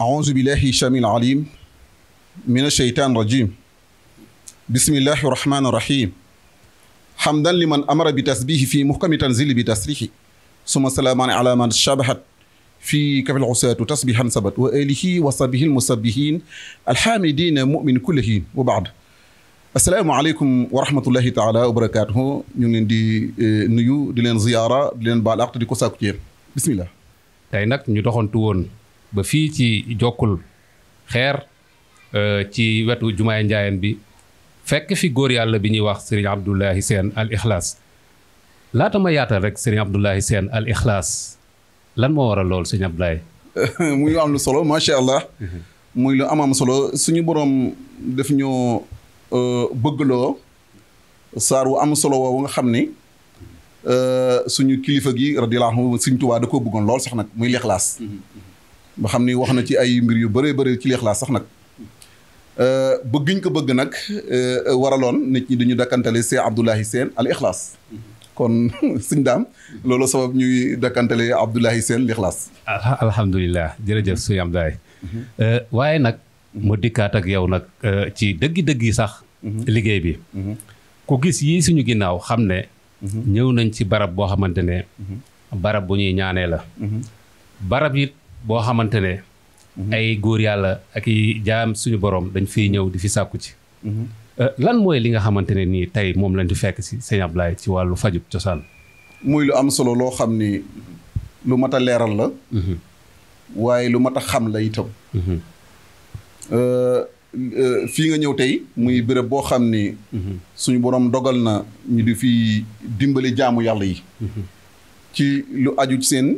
أعوذ بالله الشام العليم من الشيطان الرجيم بسم الله الرحمن الرحيم حمدا لمن أمر بتسبيه في محكم تنزيل بتسريحه ثم سلاما على من شبهت في كف العصاة تسبيحا سبت وآله وصبه المسبهين الحامدين مؤمن كلهين وبعد asalaamaaleykum wa rahmatullahi taala wa barakaatuhu ñu ngi leen di nuyu di leen ziyaara di leen baal àq di ko sàkku ci yéen bisimilah. ba fii ci jokkul xeer euh, ci wetu jumaay njaayeen bi fekk fi góor yàlla bi ñuy wax sëriñ Abdoulahi Seen al Ixlaas laata ma yaatal rek sëriñ Abdoulahi Seen al Ixlaas lan moo waral lool sëriñ Abdoulaye. muy lu am lu solo macha allah. Mhm. muy lu am am solo suñu borom daf ñoo euh, bëggloo saar wu am solo woowu nga xam ni euh, suñu kilifa gi radiyallaahu anhu Sëriñ Tuubaa da koo bëggoon lool sax nag muy lixlaas mhm. nga xam ni wax na ci ay mbir yu bare bëri ci Ixlaas sax nag euh, bëgguñ ko bëgg nag euh, waraloon nit ñi dañu dakkantale Cheikh Abdoulahi seen al Ixlaas kon suñ daam ñuy dakkantale Abdoulahi Sène Ixlaas. Ah, alhamdulilah jërëjëf suñu Abdoulaye. Euh, waaye nag ma dikkaat ak yow nag ci dëgg-dëgg yi sax. liggéey bi. ku gis yii suñu ginnaaw xam ne. ñëw nañ ci barab boo xamante ne. barab bu ñuy ñaanee la. Mhm. barab yi boo xamante ne mhm. ay góor yàlla ak i jaam suñu borom dañ fi ñëw di fi sàkku ci mhm. euh, lan mooy li nga xamante ne nii tey moom lañ di fekk si sëñ Ablaye ci wàllu fajub cosaan muy lu am solo loo xam ni lu mat a leeral la mhm. waaye lu mat a xam la itam euh, euh, fii nga ñëw tey muy béréb boo xam ni suñu borom dogal na ñu di fi dimbali jaamu yàlla yi ci lu aju ci seen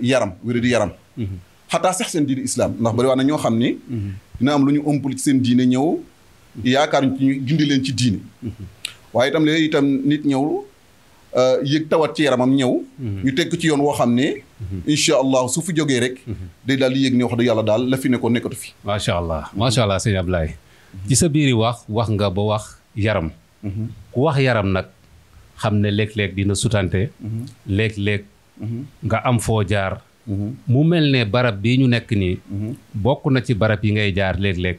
yaram wér di yaram Mhm. xataa sax seen diine islam ndax bari waa na ñoo xam ne dina am lu ñu ëmpul ci seen diine ñëw yaakaar ñu gindi leen ci diine mhm. waaye itam léegi itam nit ñëw euh, yëg tawat ci yaramam ñëw mhm. ñu teg ci yoon woo xam ne incha allah su fi jógee rek day daal di yëg ne wax dëgg yàlla daal la fi nekkoon nekkatu fi macha allah macha allah sëñ Ablaye ci sa biiri wax wax nga ba wax yaram ku wax yaram nag xam ne léeg-léeg dina sutante léeg-léeg nga am foo jaar mu mel ne barab bii ñu nekk nii. bokk na ci barab yi ngay jaar léeg-léeg.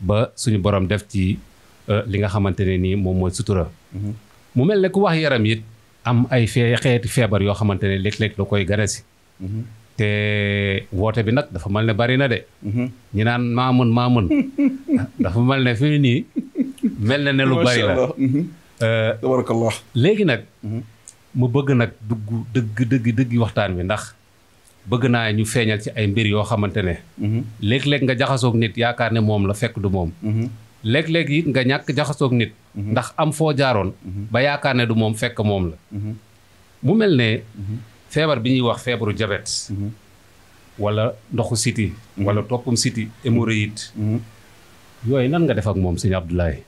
ba suñu borom def ci euh, li nga xamante ne nii moom mooy sutura. mu mel ne ku wax yaram yit am ay fee xeeti feebar yoo xamante ne léeg-léeg la koy gane si. te woote bi nag dafa mel ne bari na de. naan maa mën dafa mel ne fii nii mel na ne lu bari euh, léegi nag. mu bëgg nag dugg dëgg dëgg dëgg waxtaan bi ndax. bëgg naa ñu feeñal ci ay mbir yoo xamante ne mhm. léeg-léeg nga jaxasoog nit yaakaar ne moom la fekk du moom mhm. léeg-léeg nga ñàkk jaxasoog nit mhm. ndax am foo jaaroon ba yaakaar ne du moom fekk moom la mu mel ne feebar bi ñuy wax feebaru jabet wala ndoxu siti wala toppum siti hémorroïde yooyu nan nga def ak moom sëñ Abdoulaye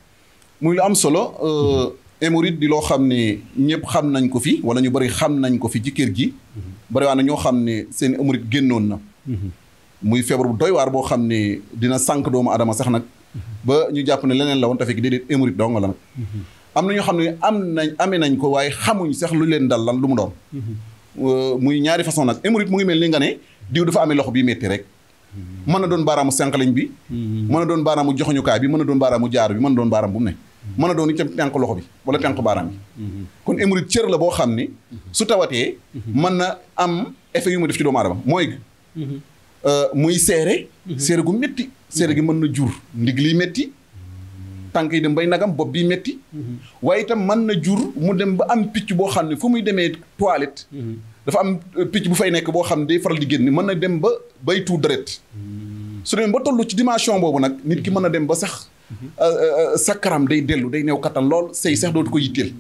émouride di loo xam ne ñëpp xam nañ ko fi wala ñu bari xam nañ ko fi ci kër ji bari waa na ñoo xam ne seen émouride génnoon na muy feebar bu doy waar boo xam ne dina sànq doomu adama sax nag ba ñu jàpp ne leneen la woon te fekk déedéet émouride dong la am na ñoo xam ne am nañ amee nañ ko waaye xamuñ sax leen dal lan lu mu doon euh, muy ñaari façon nag émouride mu ngi mel ni nga ne diw dafa amee loxo bi métti rek mën na doon baaraamu sànqlañ bi hmm. mën na doon baaraamu joxoñukaay bi mën na doon baaraamu jaar bi mën doon baaraam bu mu mën a doon itam tànk loxo bi wala tànk baaraam bi kon hémorroïde cër la boo xam ni su tawatee mën na am effet yu ma def ci doomu aadama mooy euh, muy seere seere gu metti seere gi mën na jur ndig liy métti tànk yi dem bay nagam bopp bi métti waaye itam mën na jur mu dem ba am picc boo xam ne fu muy demee toilette dafa am euh, picc bu fay nekk boo xam ne day faral di génn mën na dem ba bay tuur deret su demee ba toll ci dimension boobu nag nit ki mën na dem ba sax sa karam day dellu day néew kattan lool sëy sax dootu ko yitteel.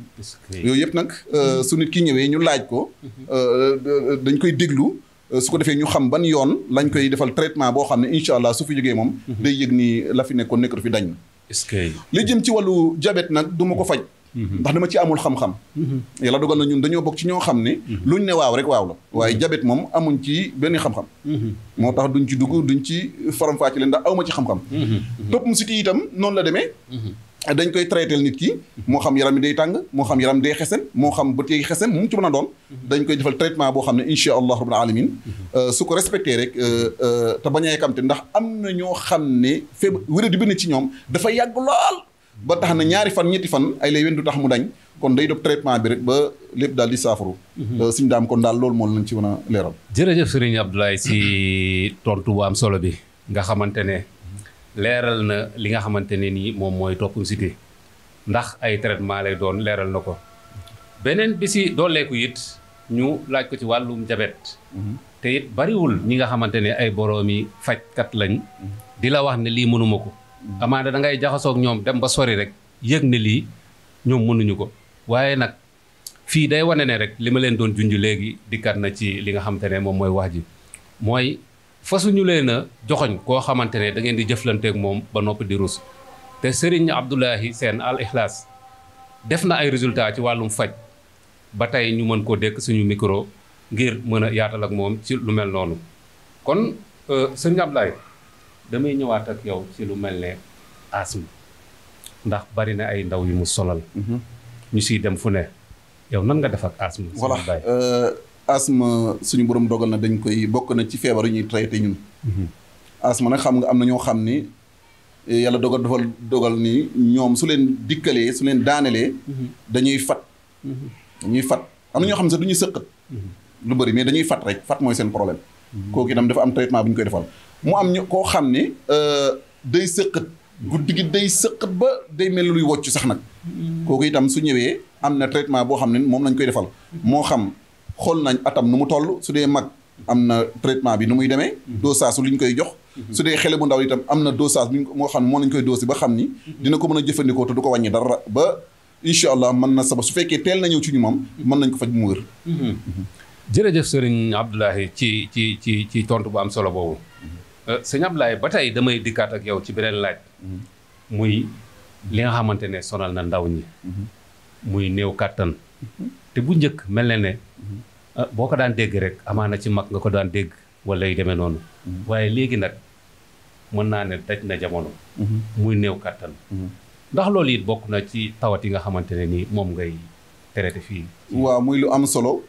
yooyu yëpp nag euh, su nit ki ñëwee ñu laaj ko. Euh, dañ koy déglu. Euh, su ko defee ñu xam ban yoon lañ koy defal traitement boo xam ne incha allah su fi jógee moom. Mhm. day yëg nii la fi nekkoon nekkatu fi dañ. est-ce que li jëm ci wàllu jabet nag duma ko faj. Mhm. ndax dama ci amul xam-xam mhm. yàlla dogal na ñun dañoo bokk ci ñoo xam ne mhm. ñu ne waaw rek waaw la waaye jabet moom amuñ ci benn xam-xam moo tax duñ ci dugg duñ ci faram-fàcce leen ndax awma ci xam-xam topp mu siti itam noonu la demee dañ koy traité nit ki moo xam yaram mi day tàng moo xam yaram day xesen moo xam bët yi xesen mu ci mën dañ koy defal traitement boo xam ne incha allah rabbil alamin euh, su ko respecté rek euh, euh, te bañ a yàkkamte ndax am na ñoo xam ne feeb wéré di benn ci ñoom dafa yàgg lool ba tax na ñaari fan ñetti fan ay lay wen du tax mu dañ kon day dop traitement bi rek ba lépp daal di saafaru mhm. suñu daam kon daal loolu moo lañ ci mën a leeral jërëjëf Serigne Abdoulaye si tontu bu am solo bi nga xamante ne leeral na li nga xamante ne nii moom mooy toppum cité ndax ay traitement lay doon leeral na ko beneen bi si dooleeku it ñu laaj ko ci wàllum jabet mhm. te it bariwul ñi nga xamante ne ay boroomi fajkat lañ mhm. di la wax ne lii mënuma ko amaana da ngay jaxasoog ñoom dem ba sori rek yëg ne lii ñoom mënuñu ko waaye nag fii day wane ne rek li ma leen doon junj léegi dikkat na ci li nga xamante ne moom mooy wax ji mooy fasuñu leen a joxoñ koo xamante ne da ngeen di jëflanteeg moom ba noppi di rus te Serigne Abdoulahi seen Al def na ay résultats ci wàllum faj ba tey ñu mën koo dékk suñu micro ngir mën a yaatal ak moom ci lu mel noonu kon euh, Serigne Abdoulaye damay ñëwaat ak yow ci lu mel ne asthme ndax bari na ay ndaw yu mu solal. Mhm. ñu siy dem fu ne yow nan nga def ak asthme. voilà euh, asthme suñu borom dogal na dañ koy bokk na ci feebar yu ñuy traité ñun. Mhm. asthme nag xam nga am na ñoo xam ni eh, yàlla dogal dafa dogal nii ñoom su leen dikkalee su leen daaneelee mhm. dañuy fat. dañuy fat am na ñoo xam ne sax du sëqat. lu bëri mais dañuy fat rek fat mooy seen problème. kooku itam dafa am traitement bu ñu koy defal. mu am ñu koo xam ni euh, day sëqat guddi gi day sëqat ba day mel luy wocc sax nag mm. kooku itam su ñëwee am na traitement boo xam ne moom lañ koy defal moo xam xool nañ atam nu mu toll su dee mag am na traitement bi nu muy demee mm-hmm. dosage li ñu koy jox mm-hmm. su dee xele bu ndaw yi tam am na dosage bi moo xam ne moo nañ koy dosi ba xam ni mm-hmm. dina ko mën a jëfandikoo te du ko wàññi dara ba incha allah mën na saba su fekkee teel na ñëw ci ñu moom mën nañ ko faj mu wër jërëjëf sëriñ Abdoulahi ci ci ci ci tontu bu am solo boobu Euh, sëñ Ablaye ba tey damay dikkaat ak yow ci beneen laaj. Mhm. muy li nga xamante ne sonal na ndaw ñi. Mhm. muy néew kàttan. Mhm. te bu njëkk mel na ne. Euh, boo ko daan dégg rek amaana ci mag nga ko daan dégg wala yu deme noonu. waaye léegi nag mën naa ne daj na jamono. muy néew kàttan. ndax loolu it bokk na ci tawat yi nga xamante ne ni moom ngay traité fii. waaw muy lu am solo.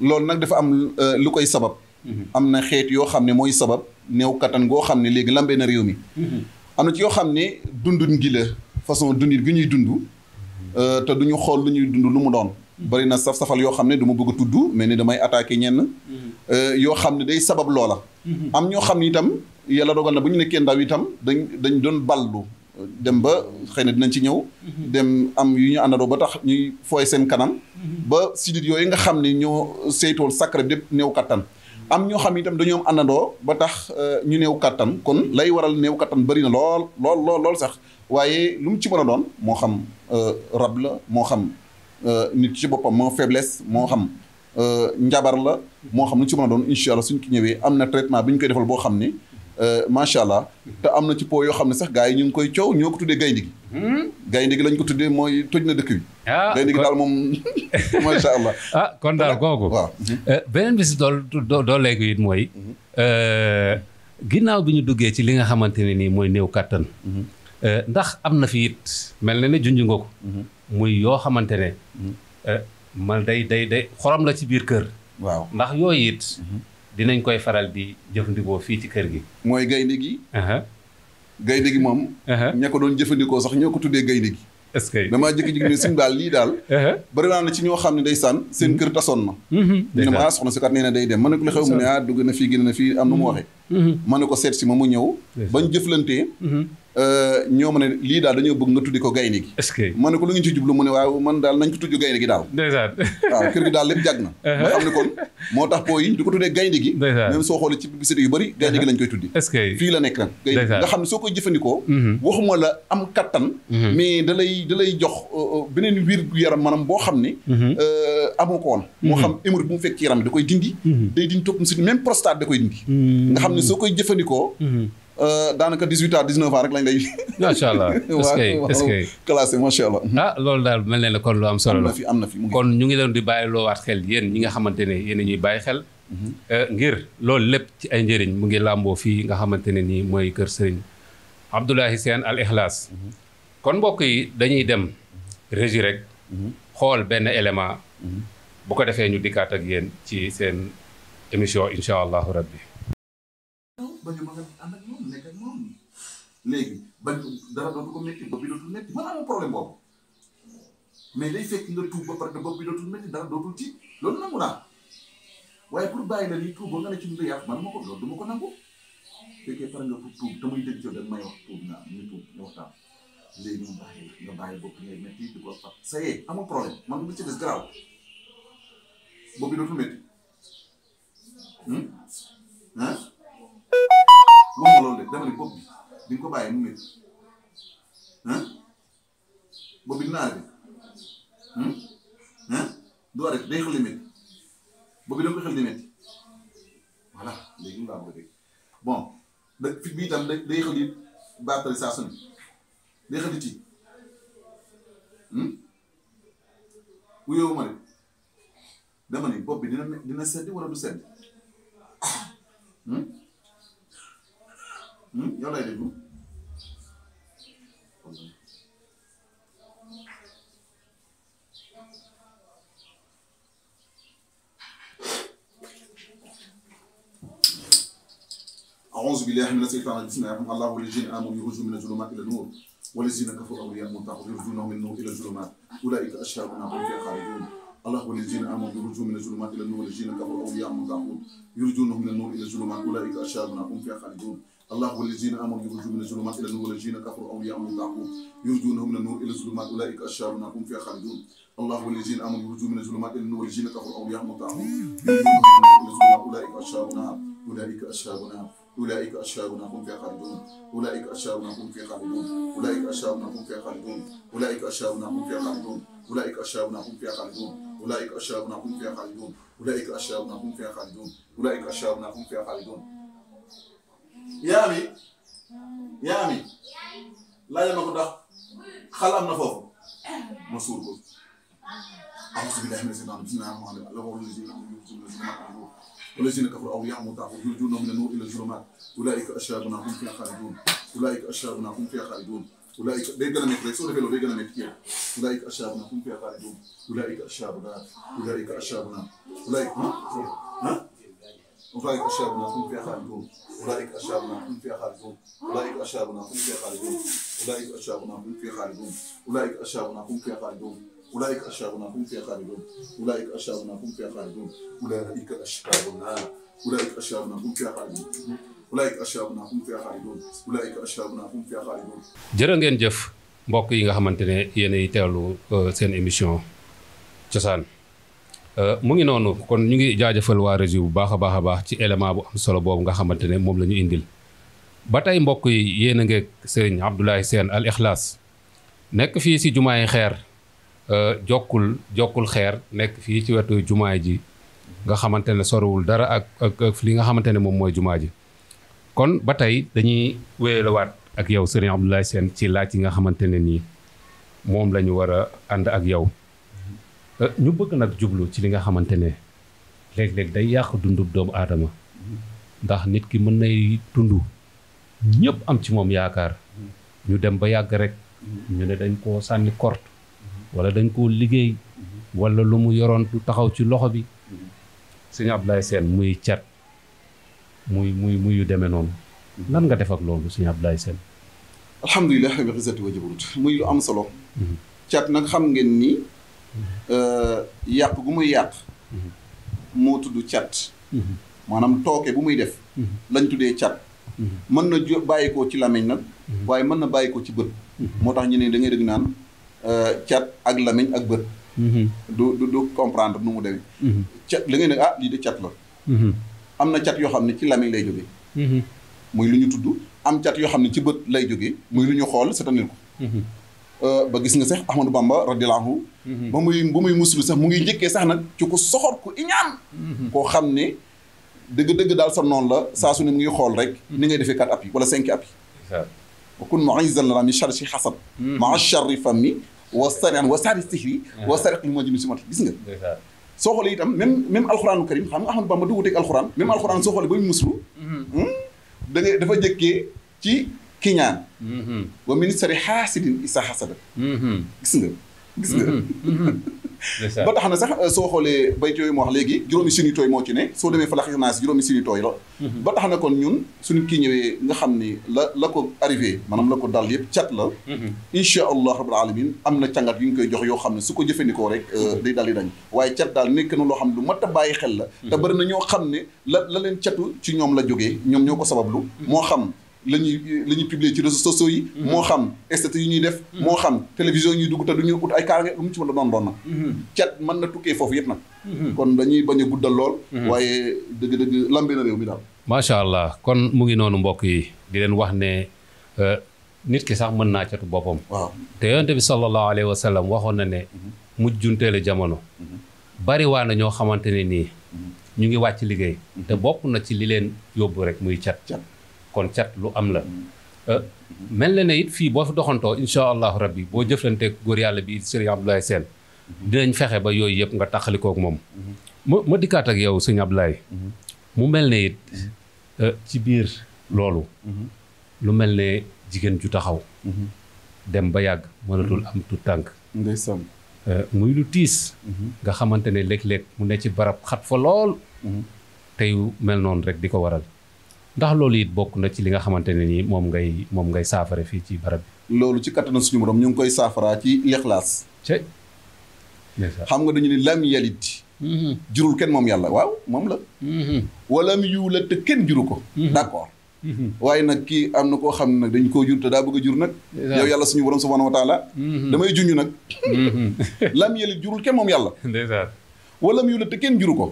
loolu nag dafa am euh, lu koy sabab. Mm-hmm. am na xeet yoo xam ne mooy sabab néew kattan goo xam ne léegi lambee na réew mi mm-hmm. am na ci yoo xam ne dundun gi la façon dundin gi ñuy dund euh, te du xool lu ñuy dund lu mu doon mm-hmm. bari na saf safal yoo xam ne du ma bëgg a mais ni damay attaqué ñenn euh, yoo xam ne day sabab loola am ñoo xam ne itam yàlla dogal na bu ñu nekkee ndaw itam dañ dañ doon ballu dem ba xëy na dinañ ci ñëw dem am yu ñu àndandoo ba tax ñuy fooy seen kanam ba sidit yooyu nga xam ne ñoo saytool sacré bi dépp néew kattan am ñoo xam itam dañoo am àndandoo ba tax euh, ñu néew kàttan kon lay waral néew kattan bëri na lool lool lool lool sax waaye lu mu ci mën a doon moo xam euh, rab la moo xam euh, nit ci boppam moo faiblesse moo xam njabar la moo xam lu ci mën a doon incha allah suñ ci ñëwee am na traitement bi ñu koy defal boo xam ni. Euh, macha allah te am na ci po yoo xam ne sax gars yi ñu ngi koy coow ñoo ko tuddee gaynde gi hmm? gaynde gi lañ ko tuddee mooy toj na dëkk bi ah, gaynde gi daal moom macha allah ah kon daal kooku euh, beneen bi si dool dool léegi it mooy mhm. euh, ginnaaw bi ñu duggee ci li nga xamante ne nii mooy néew kàttan mhm. ndax am na fi it mel na ne junj nga ko mhm. muy yoo xamante ne day day day xorom la ci biir kër ndax yooyu it dinañ koy faral di jëfandikoo fii ci kër gi. mooy gaynde gi. gaynde gi moom. ña ko doon jëfandikoo sax ñoo ko tuddee gaynde gi. est-ce que damaa jékki-jékki ne suñu daal lii daal. bari naa ne ci ñoo xam ne ndeysaan seen mhm. kër tasoon na. Mhm. ñu ne ma ah, soxna si kat nee na day dem ma ne ko li xew mu ne ah dugg na fii génn na fii am nu mu waxee. Mhm. ma ne ko seet si ma mu ñëw. bañ jëflantee Euh, ñoo ma ne lii daal dañoo bëgg nga tuddi ko gaynde gi est ne ko lu ngeen ci jublu mu ne waaw man daal ko gaynde gi daal ndeysaan waaw kër gi daal lépp jàgg na ma uh-huh. xam ne kon moo tax po yi di ko tuddee gaynde gi même soo ci yu bëri uh-huh. gaynde gi koy tuddi est-ce que fii la nekk nag gaynde gi jëfandikoo mm-hmm. waxuma la am kattan mm-hmm. mais da lay da lay jox euh, euh, beneen wiir gu yaram maanaam boo xam ne mm-hmm. amoo ko woon moo xam émor bu mu fekk ci yaram da koy dindi day dindi topp mu si même prostate da koy dindi nga xam ne soo koy jëfandikoo Euh, daanaka dix huit ans dix neuf ans rek allah est-ce que est-ce allah. ah loolu daal mel na ne kon lu am solo la. am na fi am na fi kon ñu ngi leen di bàyyi loowaat xel yéen ñi nga xamante ne yéen a ñuy bàyyi xel. Mhm. Euh, ngir loolu lépp ci ay njëriñ mu ngi làmboo fii nga xamante ne nii mooy kër sëriñ Abdoulaye seen Al Ikhlas. Mhm. kon mbokk yi dañuy dem régie rek. Mhm. xool benn élément. bu ko defee ñu dikkaat ak yéen ci seen émission incha allahu rabbi. léegi bañ dara dootu ko métti bopp bi dootul métti mën naa problème boobu mais day fekk nga tuub ba bi dootul métti dara dootul loolu nangu naa waaye pour bàyyi la nii tuub ba nga ne ci lu yàq man ma ko loolu du ma ko nangu fekkee pare nga pour tuub te muy dégg coono may wax tuub naa ñu tuub ñu waxtaan léegi ñu bàyyi nga bàyyi bopp ngay métti man lu ci des garaaw bopp bi dootul métti ah. lu mu loolu de dama ne bopp bi. di nga ko bàyyi mu métti ah boobu dina arrêté ah du arrêté day xel di métti boobu da nga ko xel di métti voilà léegi laa bëgg a dégg bon da fi bii tam day xel di baatale saa su ne day xel di tiit wuyoo ma de dama ni bopp bi dina dina sedd wala du sedd. yow lay déglu أعوذ بالله من الشيطان الرجيم بسم الله الرحمن الله والذين آمنوا يخرجون من الظلمات إلى النور والذين كفروا أولياءهم الطاغوت يخرجونهم من النور إلى الظلمات أولئك أشهر هم فيها خالدون الله والذين آمنوا يخرجون من الظلمات إلى النور والذين كفروا أولياءهم الطاغوت يخرجونهم من النور إلى الظلمات أولئك أشهر هم فيها خالدون الله والذين امنوا يخرجون من الظلمات الى النور والذين كفروا اولياء من الظلمات يخرجونهم من النور الى الظلمات اولئك الشر هم فيها خالدون الله والذين امنوا يخرجون من الظلمات الى النور والذين كفروا اولياء من الظلمات اولئك الشر نار اولئك الشر نار أولئك أشهابنا هم فيها خالدون أولئك أشهابنا هم فيها خالدون أولئك أشهابنا هم فيها خالدون أولئك أشهابنا هم فيها خالدون أولئك أشهابنا هم فيها خالدون أولئك أشهابنا هم فيها خالدون أولئك أشهابنا هم فيها خالدون أولئك أشهابنا هم فيها خالدون yaami yaami laajal لا ko ndax xal am na foofu ma suur ko أعوذ بالله لا الشيطان بسم لا الرحمن الرحيم لا الذين يؤمنون لا والذين كفروا لا مطاعون يرجون لا النور إلى لا أولئك أشرارنا لا فيها خالدون لا أشرارنا هم لا خالدون أولئك لا ميك ريسو لا ديجنا ميك لا أولئك أشرارنا لا فيها خالدون لا أشرارنا أولئك لا أولئك ها لا أولئك أشابنا هم فيها خالدون أولئك أشابنا هم فيها خالدون أولئك أشابنا هم فيها خالدون أولئك أشابنا هم فيها خالدون أولئك أشابنا هم فيها خالدون أولئك أشابنا هم فيها خالدون أولئك أشابنا هم فيها خالدون أولئك أشابنا أولئك أشابنا هم فيها خالدون أولئك أشابنا هم فيها خالدون أولئك أشابنا هم فيها خالدون jërë ngeen jëf mbokk yi nga xamante ne yéenay teewlu seen émission cosaan Euh, mu ngi noonu kon ñu ngi jaajëfal waa régie bu baax a baax a baax ci élément bu am solo boobu nga xamante ne moom la ñu indil ba tey mbokk yi yéen a ngeeg sëriñ Abdoulaye Sène al Ikhlas nekk fii si yi xeer euh, jokkul jokkul xeer nekk fii ci wetu jumaa ji nga xamante ne sorowul dara ak li nga xamante ne moom mooy jumaa ji kon ba tey dañuy wéyalawaat ak yow sëriñ Abdoulaye Sène ci laaj yi nga xamante ne nii moom la ñu war a ànd ak yow ñu bëgg nag jublu ci li nga xamante ne léeg-léeg day yàq dundub doomu aadama ndax nit ki mën nay dund ñëpp am ci moom yaakaar ñu dem ba yàgg rek ñu ne dañ koo sànni kort wala dañ koo liggéey wala lu mu yoroon du taxaw ci loxo bi sëñ Abdoulaye Sène muy cat muy muy muy yu demee noonu nan nga def ak loolu sëñ Abdoulaye Sène alhamdulilah bi xisati wa muy lu am solo mm-hmm. cat nag xam ngeen ni Euh, yàq gu muy yàq mm-hmm. moo tudd cat mm-hmm. maanaam tooke bu muy def mm-hmm. lañ tuddee cat mën na bàyyi ko ci lamiñ nag waaye mën na bàyyi ci bët moo tax ñu ne da ngay dégg naan euh, cat ak làmmiñ ak bët du du du comprendre nu mu demee cat da ngay ne ah lii de cat la am na cat yoo xam ne ci làmmiñ lay jógee muy lu ñu tudd am cat yoo xam ne ci bët lay jógee muy lu ñu xool setanil ko euh, ba gis nga sax Ahmadou Bamba radiyallahu ba muy ba muy muslu sax mu ngi njëkkee sax nag ci ko soxor ku iñaan mhm. koo xam ne dëgg-dëgg daal sa noonu la saa su ne mu ngi xool rek ni ngay defee quatre appuis wala cinq appuis wa kun mu'izan lana min sharri hasad mhm. maa sharri fami wa sarian wa sari sihri wa mhm. sariqil si mati gis nga soo xoolee itam même même alxuraanu karim xam nga Ahmadou Bamba du te alxuraan même alxuraan soo xoolee ba muy muslu hmm, da dafa jëkkee ci kiñaan wa min sharri hasidin isa hasada gis nga. Mhm, mhm. ba tax na sax euh, soo xoolee bayt yooyu mu wax léegi juróomi sini tooy moo ci ne soo demee falax naas juróomi sini tooy la. Mhm. ba tax na kon ñun su suñu kii ñëwee nga xam ni la la ko arrivé maanaam la ko dal yëpp cat la. incha allah rabbil alamin am na càngat yu ñu koy jox yoo xam ne su ko jëfandikoo rek. Euh, day daal di dañ waaye cat daal nekk na loo xam ne lu mat bàyyi xel la. te bëri na ñoo xam ne la la leen catu ci ñoom la jógee ñoom ñoo ko sabablu moo xam la ñuy la ñuy publier ci réseaux sociaux yi mhm. moo xam statut yi ñuy def mhm. moo xam télévision yu ñuy dugg te du ñu ut ay kaaraange lu mu ci mën a doon doon nag mhm. cat mën na tukkee foofu yëpp nag kon dañuy bañ a guddal lool waaye dëgg-dëgg lambee na réew mi daal macha allah kon mu ngi noonu mbokk yi di leen wax ne euh, nit ki sax mën naa catu boppam waaw te yonent bi sallallahu alayhi wa sallam waxoon na ne mujjunteelu jamono bari waa ñoo xamante ne nii ñu ngi wàcc liggéey te bokk na ci li leen yóbbu rek muy cat cat kon cat lu am la euh, mel na ne it fii boo fi doxantoo insha allahu rabbi boo jëflanteek góor yàlla bi sëriñ Abdoulaye Sène dinañ fexe ba yooyu yëpp nga taxalikook moom ma ma dikkaat ak yow sëñ Abdoulaye mu mel ne it euh, ci biir loolu lu mel ne jigéen ju taxaw dem ba yàgg mënatul am tu tànk ndeysaan euh, muy lu tiis nga xamante ne léeg-léeg mu ne ci barab xat fa lool mhm. te yu mel noonu rek di ko waral ndax loolu it bokk na ci li nga xamante ne nii moom ngay moom ngay saafara fii ci barab bi. loolu ci kattanu suñu borom ñu ngi koy saafaraa ci lixlaas. cey. xam nga dañu ne lam yalit mm-hmm. jurul kenn moom yàlla waaw moom la. wala mu yiw kenn juru ko. Mm-hmm. d'accord. Mm-hmm. waaye nag kii am na koo xam ne dañ koo jur te bëgg a nag. yàlla suñu borom subhanahu wa taala. damay junj nag. lam yalit jurul kenn moom yàlla. wala mu yu la te kenn juru ko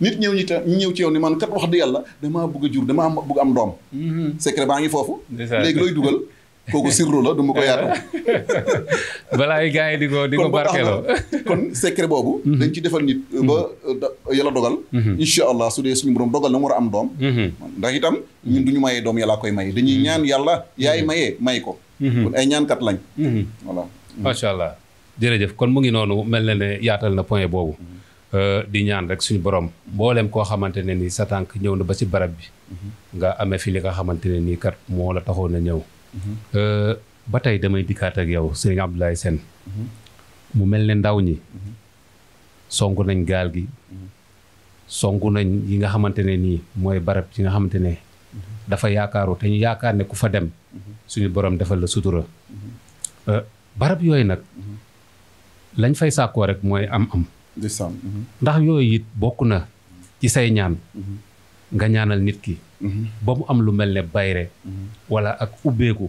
nit ñëw ñi te ñëw ci yow ni man kat wax di yàlla damaa bëgg a jur damaa bëgg am doom mhm. secret baa ngi foofu léegi looy dugal kooku sirru la du ma ko yaatu balaa yi gars yi di ko di ko barkeeloo kon secret boobu mhm. dañ ci defal nit mhm. ba yàlla dogal insha allah su dee suñu borom dogal na mu war a am doom ndax itam ñun ñu mayee doom yàllaa koy maye dañuy ñaan yàlla yaay mayee may ko kon ay ñaankat lañ voilà macha allah jërëjëf kon mu ngi noonu mel na ne yaatal na point boobu Euh, di ñaan rek suñu borom bolem ko xamantene ni satank ñew na ba ci barab bi mhm. nga amé fi li nga xamantene ni kat mo la taxoon ñew mhm. euh ba damay dikkat ak yow serigne Abdoulaye sen mhm. mu melne ndaw ñi songu nañ gal gi songu nañ yi nga xamantene ni moy barab yi nga xamantene dafa yaakaaru te ñu yaakaar ne ku fa dem suñu borom defal la sutura euh, barab yoy nak lañ fay sako rek moy am am Mhm. ndax yooyu it bokk na ci say ñaan mhm. nga ñaanal nit ki mhm. ba mu am lu mel ne bayre wala ak ubbeeku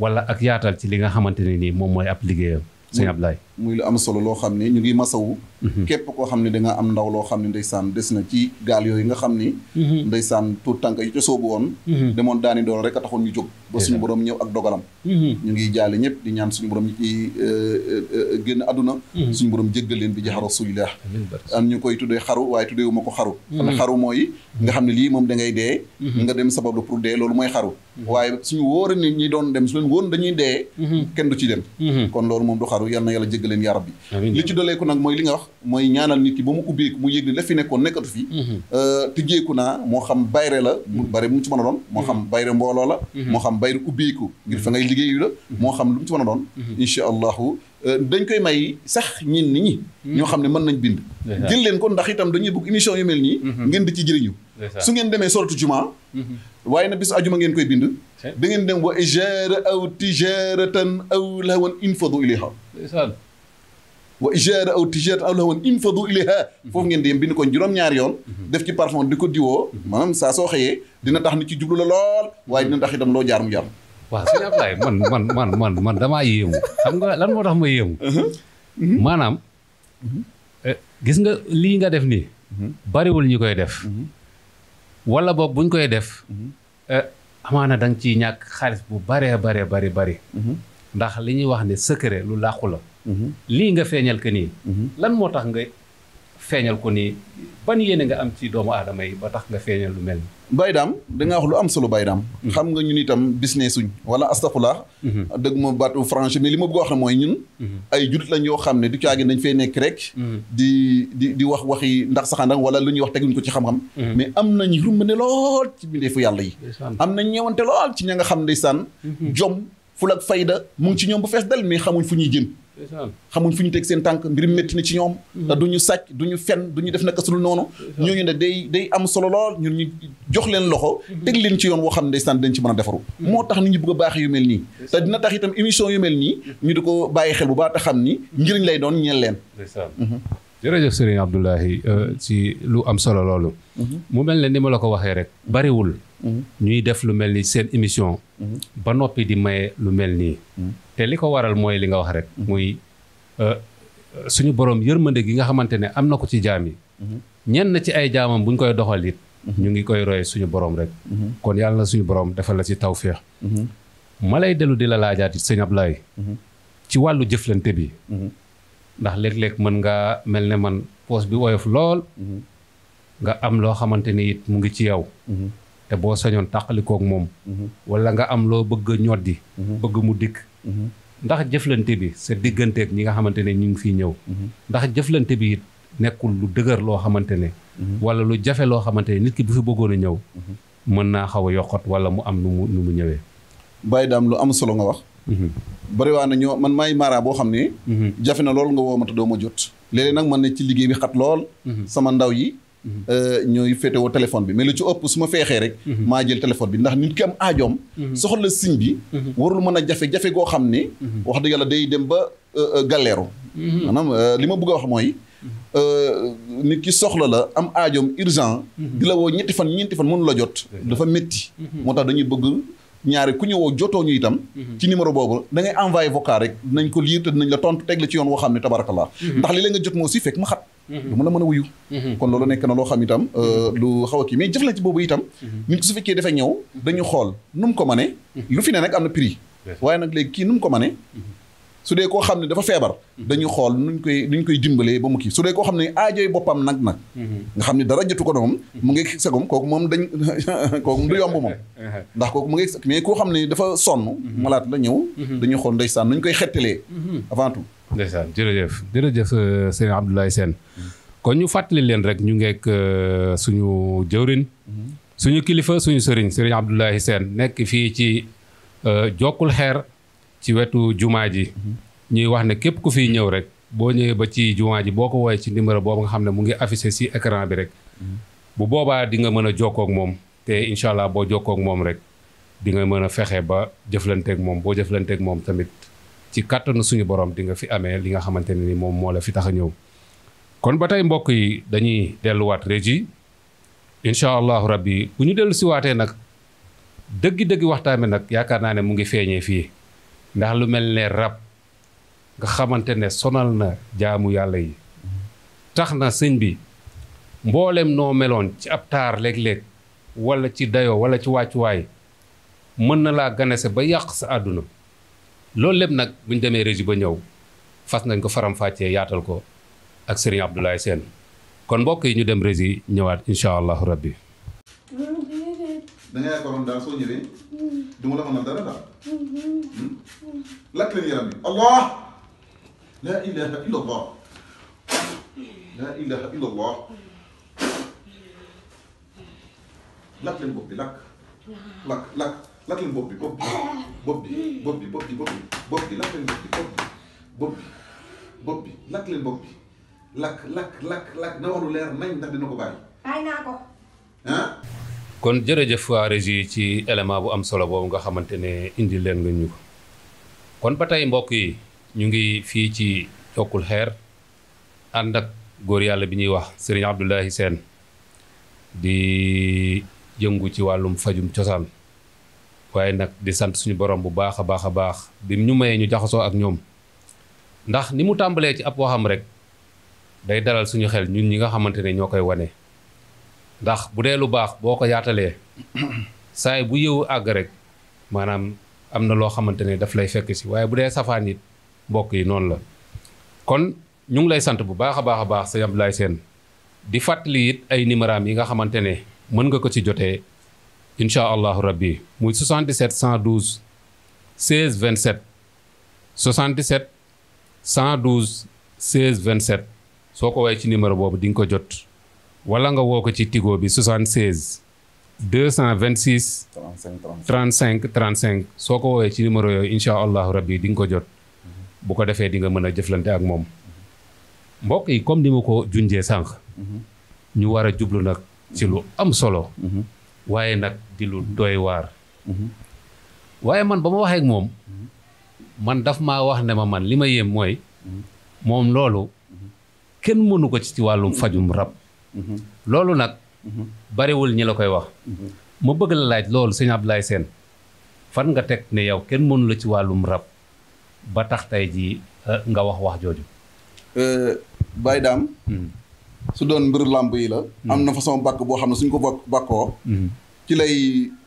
wala ak yaatal ci li nga xamante ne nii moom mooy ab liggéeyam sëñ Ablaye muy lu am solo loo xam ni ñu ngi masawu mhm. képp koo xam ne da nga am ndaw loo xam ne ndeysaan des na ci gaal yooyu nga xam ni mhm. ndeysaan tuut tànk yi ca soobu woon mhm. demoon daani dool rek a taxoon ñu jóg ba suñu borom ñëw ak dogalam ñu ngi jaale ñëpp di ñaan suñu borom ñi ci euh, euh, euh, génn àdduna suñu borom jéggal leen bi jaxa rasulillah am ñu koy tuddee xaru waaye tuddee wu ma ko xaru ndax xaru da ngay dee nga dem sabablu pour dee loolu mooy xaru waaye suñu wóor ni ñi doon dem su leen wóor dañuy dee kenn du ci dem kon loolu moom du xaru yal na yàlla jéggal leen yaa rabbi li ci dooleeku nag mooy li nga wax mooy ñaanal nit ki ba mu ubbeeku mu yëg ni la fi nekkoon nekkatu fi tijjeeku naa moo xam bayre la mu bare mu ci mën a doon moo xam bayre mbooloo la moo xam bayre ubbeeku ngir fa ngay liggéeyu la moo xam lu mu ci mën a doon incha allahu dañ koy may sax ñin nit ñi ñoo xam ne mën nañ bind jël leen ko ndax itam dañuy bëgg émission yu mel nii ngeen di ci jëriñu su ngeen demee sortu juma waaye na bis ajuma ngeen koy bind da ngeen dem wa ijaara aw tijaratan aw lahwan infadu ilayha wa ijara aw tijara aw lahwan infadu ilayha foofu ngeen di yem ni ko juróom-ñaari yoon def ci parfum di ko diwoo maanaam saa soo xëyee dina tax nit ci jublu la lool waaye dina tax itam loo jaar mu jaar waaw sëñ Ablaye man man man man man damaa yéemu nga lan moo tax ma yéemu maanaam eh, gis nga lii nga def nii bariwul ñi koy def wala boog buñ koy def eh, amaana da nga ciy ñàkk xaalis bu baree baree bari bari ndax li ñuy wax ne secret lu làqu la Mm-hmm. lii nga feeñal ko nii. Mm-hmm. lan moo tax nga feeñal ko nii ban yéene nga am ci doomu aadama yi ba tax nga feeñal lu mel nii. Baye Dame da nga wax lu am solo Baye Dame. Mm-hmm. xam nga ñun itam business suñ wala astafurlah. dëgg ma baatu franche mais li ma bëgg a wax ne mooy ñun. ay jullit lañ yoo xam ne du caagin nañ fee nekk rek. di di di wax waxi ndax saxandam wala lu ñuy wax teguñ ko ci xam-xam. mais am nañu ne lool ci bindeefu yàlla yi. am nañ ñewante lool ci ña nga xam ndeysaan. jom ful ak fayda mu ci ñoom bu fees del mais xamuñ fu ñuy jëm. xamuñ fu ñu teg seen tànk mbir métti na ci ñoom mm-hmm. te du ñu sàcc du ñu fen du ñu def naka sudul noonu ñooñu ne day day am solo lool ñun ñu jox leen loxo mm-hmm. teg leen ci yoon woo xam ne ndeysaan dañ ci mën a mm-hmm. moo tax nit ñi bëgg a baax yu mel nii te dina tax itam émission yu mel nii ñu di ko bàyyi bu baax te xam ni njëriñ lay doon ñeel leen jërëjëf sëriñ Abdoulahi euh, ci lu am solo loolu mu mel ne ni ma la ko waxee rek bariwul ñuy def lu mel ni seen émission ba noppi di maye lu mel nii te li ko waral mooy li nga wax rek muy euh, suñu borom yërmande gi nga xamante ne am na ko ci jaam yi mm-hmm. ñenn ci ay jaamam buñ koy doxal it mm-hmm. ñu ngi koy roye suñu borom rek mm-hmm. kon yàlla na suñu borom dafa la ci tawféex ma lay dellu di la laajaat it sëñ Ablaye ci wàllu jëflante bi ndax léeg-léeg mën nga mel ne man poos bi woyof lool nga am loo xamante ni it mu ngi ci yow te boo sañoon tàqalikook moom wala nga am loo bëgg a ñoddi bëgg mu dikk ndax jëflante bi sa digganteeg ñi nga xamante ne ñu ngi fiy ñëw. Mhm. ndax jëflante bi it nekkul lu dëgër loo xamante ne. Mhm. wala lu jafe loo xamante ne nit ki bu fi bëggoon a ñëw. Mhm. mën naa xaw a yokkot wala mu am nu mu nu mu ñëwee. bàyyi daam lu am solo nga wax. bariwaa na ñoo man maay mara boo xam ne. jafe na lool nga woo ma doo ma jot. léeg nag man ne ci liggéey bi xat lool. sama ndaw yi. Euh, ñooy féetewoo téléphone bi mais la ci ëpp su ma feexee rek mhm. maa jël téléphone bi ndax nit ki am aajoom mhm. soxla signe bi mhm. warul mën a jafe-jafe goo xam ne wax dëgg yàlla day dem ba euh, euh, galeeru maanaam li ma bëgg a wax mooy nit ki soxla la am aajoom urgent di la woo ñetti fan ñeenti fan mënu la jot dafa métti moo tax dañuy bëgg ñaari ku ñu woo jotoo ñu itam ci numéro boobu da ngay envoyé vocal rek dinañ ko lire te dinañ la tontu teg la ci yoon woo xam ne tabarakallah ndax li la nga ma xat du mën a mën a wuyu mhm. kon loolu nekk na loo xam itam euh, lu xaw kii mais jëflante boobu itam mhm. nit ki su fekkee dafa ñëw dañu xool nu mu ko mane mhm. lu fi ne nag am na prix waaye nag léegi nu ko mane su dee koo xam ne dafa feebar dañu xool nuñ koy nuñ koy dimbalee ba mu kii su dee koo xam ne aajooy boppam nag nag nga xam ne dara jotu ko moom mu ngi sagom kooku moom dañ kooku du yomb moom ndax kooku mu ngi mais koo xam ne dafa sonn malaat la ñëw dañu xool ndeysaan nuñ koy xettalee avant tout ndeysaan jërëjëf jërëjëf euh, sëñ Abdoulaye Sène kon ñu fàttali leen rek ñu ngeek euh, suñu jëwrin suñu kilifa suñu sëriñ sëriñ Abdoulaye seen nekk fii ci euh, jokkul xeer ci wetu jumaa ji ñuy wax ne képp ku fiy ñëw rek boo ñëwee ba ci jumaa ji boo ko woowee ci numéro boobu nga xam ne mu ngi affiché si écran bi rek bu boobaa di nga mën a jokkoo moom te incha allah boo jokkook moom rek di nga mën a fexe ba jëflanteeg moom boo jëflanteeg moom tamit ci kàttanu suñu borom di nga fi amee li nga xamante ne ni moom moo la fi tax a ñëw kon ba tey mbokk yi dañuy delluwaat régi incha allahu yi bu ñu dellu si waatee nag dëggi-dëggi waxtaan bi nag yaakaar naa ne mu ngi feeñee fii ndax lu mel ne rab nga xamante ne sonal na jaamu yàlla yi tax na sëñ bi mboolem noo meloon ci ab taar léeg-léeg wala ci dayo wala ci wàccuwaay mën na laa ganese ba yàq sa àdduna loolu lépp nag bu ñu demee régie ba ñëw fas nañ ko faram-fàccee yaatal ko ak Serigne Abdoulaye Sène kon mbokk yi ñu dem régie ñëwaat incha allahu rabbi. da ngay yaakaaroon daal soo ñëwee du la mën a dara daal lakk leen yaram bi allah la Laklin Bobby, Bobby, Bobby, Bobby, Bobby, Bobby, Bobby, Laklin Bobby, Bobby, Bobby, Bobby, Lucky Bobby, Lak Lak Lucky, Lucky, Lucky, Lucky, Lucky, Lucky, Lucky, Lucky, Lucky, Lucky, Lucky, kon jerejeuf wa régie ci élément bu am solo bobu nga xamantene indi len nga ñu kon batay mbokk yi ñu ngi fi ci tokul xeer and ak goor yalla bi ñuy wax di yëngu ci walum fajum ciosan waaye nag di sant suñu borom bu baax a baax a baax bi ñu mayee ñu jaxasoo ak ñoom ndax ni mu tàmbalee ci ab waxam rek day daral suñu xel ñun ñi nga xamante ne ñoo koy wane ndax bu dee lu baax boo ko yaatalee saay bu yëwu àgg rek maanaam am na loo xamante ne daf lay fekk si waaye bu dee safaan it mbokk yi noonu la kon ñu ngi lay sant bu baax a baax a baax sëñ Abdoulaye Sène di fàttali it ay numéram yi nga xamante ne mën nga ko ci jotee incha allahu rabbi muy 77 112 16 27 77 112 16 27 soo ko waay ci numéro boobu di nga ko jot wala nga woo ko ci tigo bi 76 226. 35 35 35 soo ko woowee ci numéro yooyu incha allahu rabbi di nga ko jot bu ko defee di nga mën a jëflante ak moom mbokk yi comme ni ma ko junjee sànq. Mhm. ñu war a jublu nag ci lu am solo. Mhm. waaye nag di lu mm-hmm. doy waar mm-hmm. waaye man ba ma waxee ak moom mm-hmm. man daf maa wax ne ma man li ma yéem mooy moom loolu kenn mënu ko ci wàllum fajum rab loolu nag bariwul ñi la koy wax ma bëgg la laaj loolu sëñ Abdoulaye Sène fan nga teg ne yow kenn mënu la ci wàllum rab ba tax tey jii euh, nga wax wax jooju euh, Baye Dame su doon mbiru làmb yi la. Hmm. am na façon bàkk boo xam ne suñ ko bokk bàkkoo. Hmm. ci lay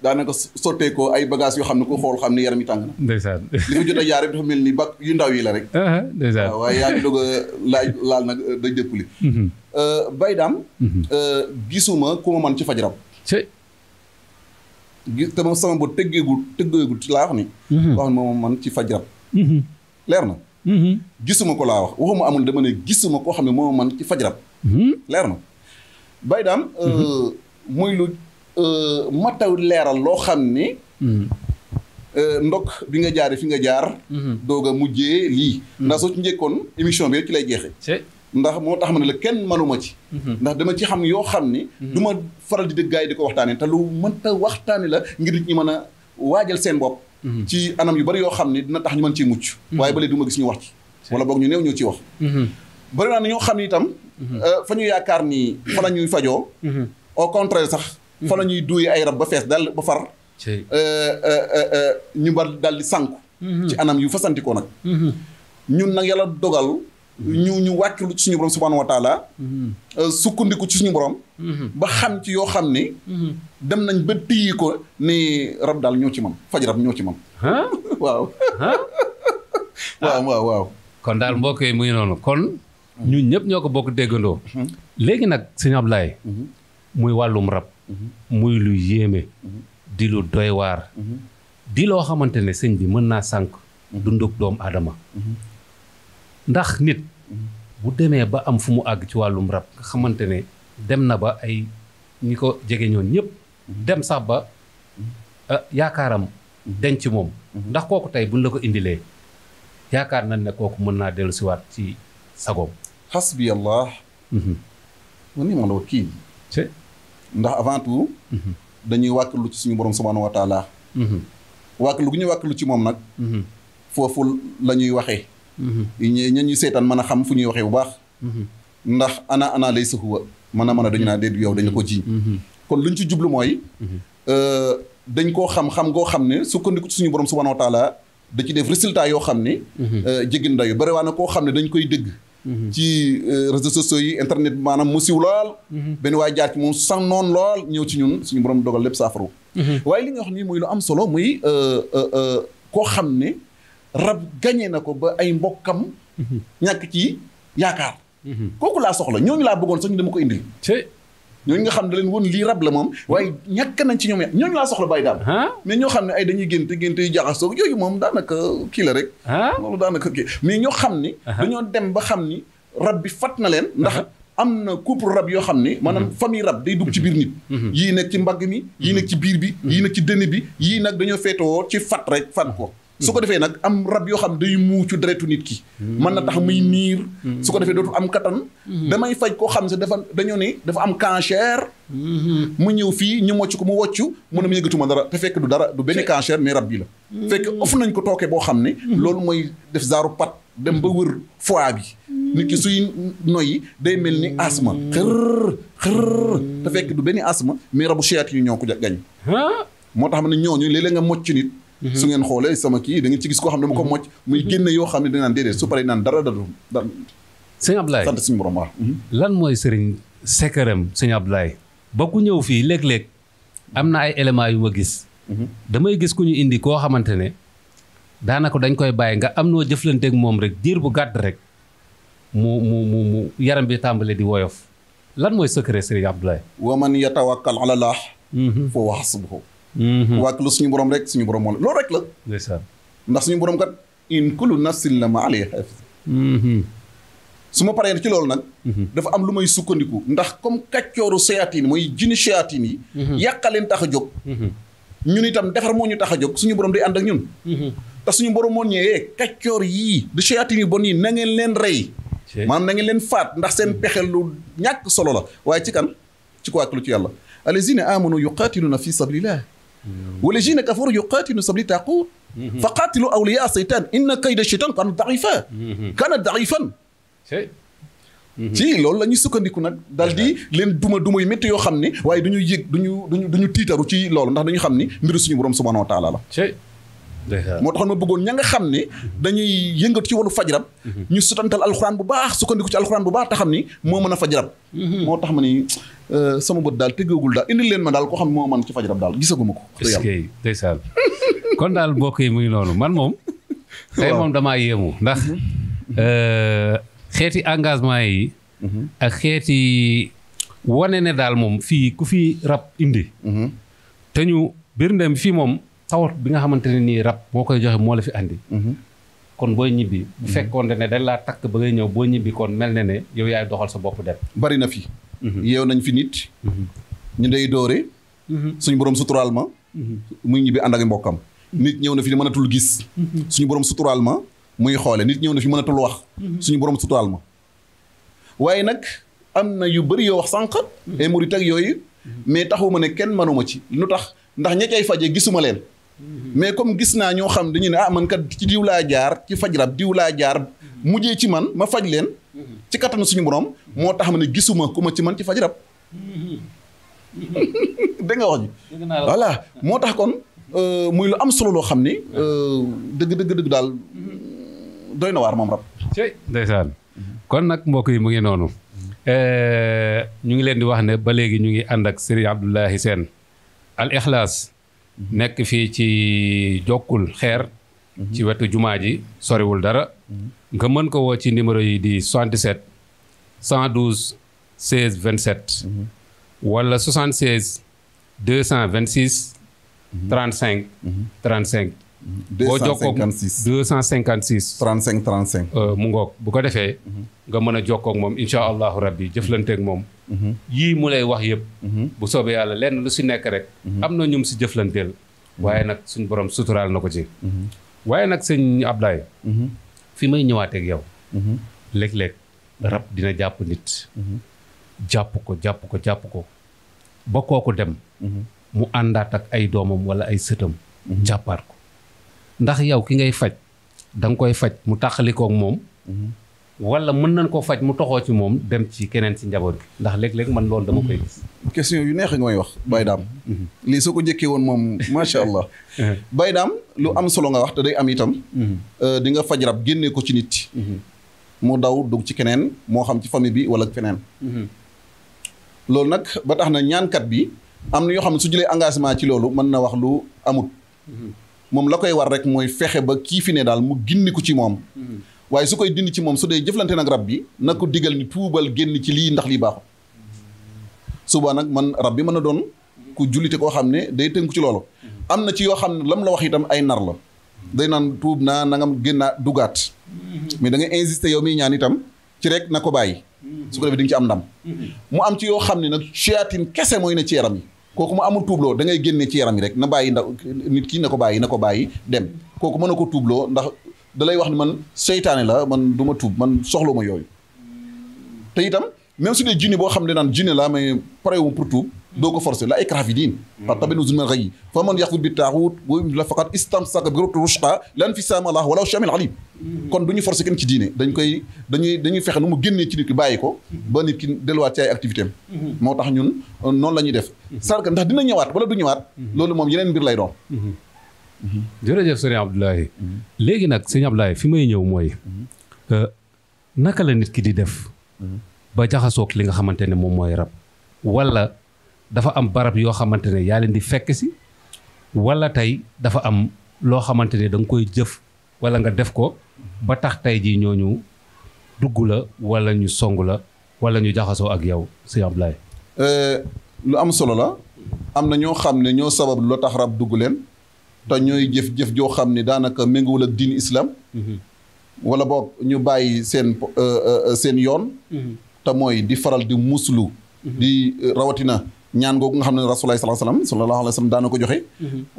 daanaka sotteekoo ay bagages yoo xam ne ku xool xam ni yaram yi tàng na. ndeysaan li fi jot a jaar dafa mel ni bàkk yu ndaw yi la rek. Ah, ndeysaan waaw waaye yaa ngi doog a laaj laal nag euh, day dëppuli. Hmm. Euh, bay daam. Euh, gisuma ku ma ci faj rab. gis te moom sama bët tëggeegul ci laa wax man ci faj rab. leer na. gisuma ko laa wax waxuma amul dama ne gisuma koo xam ne moom man ci faj rab. Hmm? leer na bay daam euh, hmm. muy lu euh, mataw leeral loo xam ni hmm. euh, ndok bi nga jaaree fi nga jaar doog a mujjee lii ndax soo ci njëkkoon émission bi rek ci lay jeexee ndax moo tax ma ne la kenn manuma ci ndax dama ci xam yoo xam ni du ma faral di dëgg gaay di ko waxtaane te lu mënta waxtaane la ngir nit ñi mën a waajal seen bopp ci anam yu bari yoo xam ni dina tax ñu man cee mucc waaye ba léegi du ma gis ñu wax ci wala boog ñu néew ñoo ciy wax bari naa ne ñoo xam ni itam Mm-hmm. Euh, fa ñu yaakaar ni fa la ñuy fajoo mm-hmm. au contraire sax fa la ñuy duy ay rab ba fees dal ba far euh, euh, ñu war dal di sànku mm-hmm. ci anam yu fasantikoo nag ñun nag yàlla dogal ñu ñu wàccilu ci suñu borom subhanahu wa sukkandiku ci suñu borom ba xam ci yoo xam ni dem nañ ba téye ko ni rab daal ñoo ci man faj rab ñoo ci man waaw waaw waaw ah. kon daal mbokk muy noonu kon ñun ñëpp ñoo ko bokk déggandoo. léegi nag sëñ Ablaye. muy wàllum rab. muy lu yéeme. di lu doy waar. di loo xamante ne sëñ bi mën naa sànq. dundug doom aadama. ndax nit. bu demee ba am fu mu àgg ci wàllum rab nga xamante ne dem na ba ay ñi ko jege ñoon ñëpp. dem sax ba ah, yaakaaram. denc moom. ndax kooku tey buñ la ko indilee yaakaar nañ ne kooku mën naa dellusiwaat ci sagoom. hasbi allah wa nimal ci ndax avant tout mhm. dañuy waklu ci suñu borom subhanahu wa taala wàkkalu gu ñu wàkkalu ci mom nak foofu la ñuy waxee ña ñuy xam fuñuy waxe bu baax ndax ana ana laysa huwa mëna mëna a dañu mhm. na dédd yow dañ ko ji kon luñ ci jublu mooy dañ ko xam xam go xam sukkandiku ci suñu borom subhanahu wa taala da ci def resultat yo xamne mhm. euh jéggi ndayu bari bare na dañ koy Mhm. ci euh, réseaux sociaux yi internet bi maanaam mu siw lool. Mhm. benn waay jaar ci moom san noon lool ñëw ci ñun suñu borom dogal lépp saafaru. Mhm. waaye li nga xam nii muy lu am solo muy euh, euh, koo xam ne rab gañe na ko ba ay mbokkam. ñàkk ci yaakaar. kooku laa soxla ñooñu laa bëggoon sax ñu dama ko indil. ñooñu nga xam ne leen woon lii rab la moom waaye ñàkk nañ ci ñoom ya ñooñu laa soxla bàyyi daal mais ñoo xam ne ay dañuy génte génte yu jaxasoo yooyu moom daanaka kii la rek loolu daanaka kii mais ñoo xam ne dañoo dem ba xam ni rab bi fat na leen ndax am na couple rab yoo xam ne man maanaam mm-hmm. famille rab day dugg ci biir nit mm-hmm. yii nekk ci mbagg mi yii mm-hmm. nekk ci biir bi yii nekk ci dënn bi yii nag dañoo feetoo ci fat rek fan ko su ko defee nag am rab yoo xam day muucu deretu nit ki man na tax muy niir su ko defee dootul am kattan damay faj koo xam si dafa dañoo ne dafa am cancer mu ñëw fii ñu mocc ko mu woccu mu ne mu yëgatuma dara te fekk du dara du benn cancer mais rab yi la fekk of nañ ko tooke boo xam ne loolu mooy def zaaru pat dem ba wër fois bi nit ki suy noyyi day mel ni asma xërr xërr te fekk du benn asma mais rabu seet yi ñoo ko gañ moo tax ma ne ñooñu léeg-léeg nga mocc nit Mhm. su ngeen xoolee sama kii da ngeen ci gis koo xam ne dama ko mhm. mocc muy mhm. génne yoo xam ne da dee déedéet su paree naan dara dara dara sëñ lan mooy sëriñ sekkaram sëñ Ablaye ba ku ñëw fii léeg-léeg am na ay éléments yu ma gis damay gis ku ñu indi koo xamante ne daanaka dañ koy bàyyi nga am noo jëflanteeg moom rek diir bu gàtt rek mu mu mu yaram bi tàmbale di woyof lan mooy secret sëriñ Abdoulaye wa man yatawakkal ala Allah fa huwa Mm-hmm. waaklu suñu borom rek suñu borom lo rek la ndax suñu borom kat in kullu nafsin la ma alayha hafiz mm-hmm. su ma paree ci loolu nag mm-hmm. dafa am lu may sukkandiku ndax comme kaccooru sayaatin mooy yakalenta hajok. yi yàqaleen tax a ñun itam defar moo ñu tax a jóg suñu borom day ànd ak ñun te suñu borom moo ñëwee kaccoor yii di sayaatin yi bon yi na ngeen leen rey maanaam na ngeen ndax seen lu solo la ci kan ci ko ci alazina amanu yuqatiluna fi sabilillah والذين كفروا يقاتلون سبيل تقول فقاتلوا اولياء الشيطان ان كيد الشيطان كان ضعيفا كان ضعيفا ci loolu la ñuy sukkandiku nag dal di leen duma duma yu métti yoo xam ne waaye duñu yëg duñu duñu duñu tiitaru ci loolu ndax dañu xam ni mbiru suñu borom subhanahu wa taala la moo tax ma bëggoon ña nga xam ne dañuy yëngatu ci wàllu fajrab mhm. ñu sutantal alxuraan bu baax sukkandiku ci alxuraan bu baax te xam ni moo mën a fajrab mhm. moo tax ma ni euh, sama bët daal tëggoogul daal indil leen ma daal ko xam ne moo mën ci fajrab daal gisaguma ko ndeysaan kon daal mbokk yi muy noonu man moom tey moom damaa yéemu ndax mhm. euh, xeeti engagement yi ak xeeti wane ne daal moom fii ku fi rab indi te ñu bir fii moom sawar bi nga xamante ne nii rab boo koy joxe moo la fi andi. Mhm. kon booy ñibbi. Mhm. bu fekkoon ne dañ laa takk ba ngay ñëw boo ñibbi kon mel na ne yow yaay doxal sa bopp dem. bari na fi. Mhm. yeew nañ fi nit. ñu day doore. suñu borom suturaal ma. muy ñibbi ànd ak mbokkam. nit na fi mënatul gis. suñu borom suturaal ma muy xoole nit ñëw na fi mënatul wax. suñu borom suturaal ma. waaye nag am na yu bëri yoo wax sànq. ay murit yooyu. mais taxuma ne kenn mënuma ci lu tax ndax ña faje gisuma leen. mais comme gis naa ñoo xam dañu ne ah man kat ci diwlaa jaar ci faj rab diw laa jaar mujjee ci man ma faj leen ci kattanu suñu borom moo tax ma ne gisuma ku ma ci man ci faj rab danga nga wax ji voilà moo tax kon euh, muy lu am solo loo xam ni euh, dëgg dëgg daal mm-hmm. doy na waar moom rab cey kon nag mbokk yi mu ngi noonu euh, ñu ngi leen di wax ne ba léegi ñu ngi ànd ak Serigne Abdoulaye Sène al Ikhlas nekk fii ci jokkul xeer ci wetu jumaa ji soriwul dara nga mën ko woo ci numéro yi di 77 112 16 27 wala 76 226 35 35 boo jokkoog 256 35 35 mu ngoog bu ko defee mhm. nga mën a jokkook moom incha allahu yi jëflanteek moom mhm. yii mu lay wax yëpp mhm. bu soobee yàlla lenn lu si nekk rek am na ñum si jëflanteel waaye nag suñ borom suturaal na ko ci waaye nag sëñ Ablaye fi may ñëwaateeg yow léeg-léeg rab dina jàpp nit jàpp ko jàpp ko jàpp ko ba kooku dem mu àndaat ak ay doomam walla ay sëtam jàppaat ko ndax yow ki ngay faj da nga koy faj mu tàqalikook moom mhm. wala mën nañ koo faj mu toxoo ci moom dem ci keneen ci njaboot gi ndax léeg-léeg man loolu dama koy gis question yu neex nga may wax Baye Dame mhm. lii soo ko njëkkee woon moom macha allah mhm. Baye Dame lu am solo nga wax te day am itam euh, di nga faj rab génnee ko ci nit mu daw dugg ci keneen moo xam ci famille bi wala feneen loolu nag ba tax na ñaankat bi am na yoo xam ne su jëlee engagement ci loolu mën na wax lu amut moom la koy war rek mooy fexe ba kii fi ne daal mu gindi ko ci moom waaye su koy dindi ci moom su dee jëflante nag rab bi na ko digal ni tuubal génn ci lii ndax lii baaxul suba nag man rab bi mën a doon ku jullite koo xam ne day tënku ci loolu am na ci yoo xam ne lam la wax itam ay nar la day naan tuub naa nangam génnaa dugaat mais da nga insister yow mii ñaan itam ci rek na ko bàyyi su ko defee di ci am ndam mu am ci yoo xam ne nag ceyaatin kese mooy ne ci yaram kooku mu amul tuubloo da ngay génne ci yaram yi rek na bàyyi ndax nit ki na ko bàyyi na ko bàyyi dem kooku mën na ko tuubloo ndax dalay wax ne man seytaane la man du ma tuub man soxla ma yooyu tey itam même su dee jinne boo xam ne naan jinne laa mais pare wu pour tuub دوكو فرسي لا اكره في دين طب انه زلمه غي فمن ياخذ بالتاغوت ويقول فقط استمسك بروت رشقه لن في سام الله ولو شامل عليم كون دوني فرسي كن ديني دنجكاي دنجي دنجي فخ نمو генي تي نيت بايكو با نيت كي ديلوات تي اكتيفيتيم موتاخ نون نون لا ني ديف سارك نتا دينا نيوات ولا دو نيوات لولو موم يينن بير لاي دون جوري جاف سري عبد الله لغي نك سيني عبد الله في ماي نيو موي أه، ا نكا دي ديف با جاخاسوك ليغا ولا dafa am barab yoo xamante ne yaa leen di fekk si walla tey dafa am loo xamante ne da koy jëf wala nga def ko ba tax tey jii ñooñu dugg la walla ñu song la walla ñu jaxasoo ak yow sëñ Abdoulaye. Euh, lu am solo la am na ñoo xam ne ñoo sabab lu tax rab dugg leen te ñooy jëf-jëf joo xam ne daanaka méngoowul ak diin islam. Mhm. wala boog ñu bàyyi seen euh, euh, seen yoon. Mhm. te mooy di faral di muslu. Mhm. di rawatina. ñaan googu nga xam ne rasulullahi sallallahu alayhi wasallam sallallahu alayhi wasallam daana ko joxe